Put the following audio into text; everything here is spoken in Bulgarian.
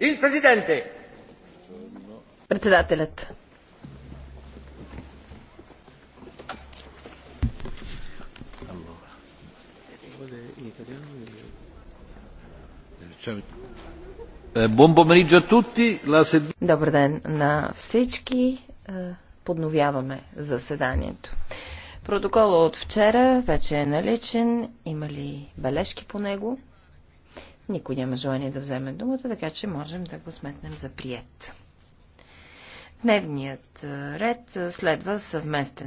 Il Председателят. Eh, Добър ден на всички. Е, подновяваме заседанието. Протокол от вчера вече е наличен. Има ли бележки по него? Никой няма желание да вземе думата, така че можем да го сметнем за прият. Дневният ред следва съвместен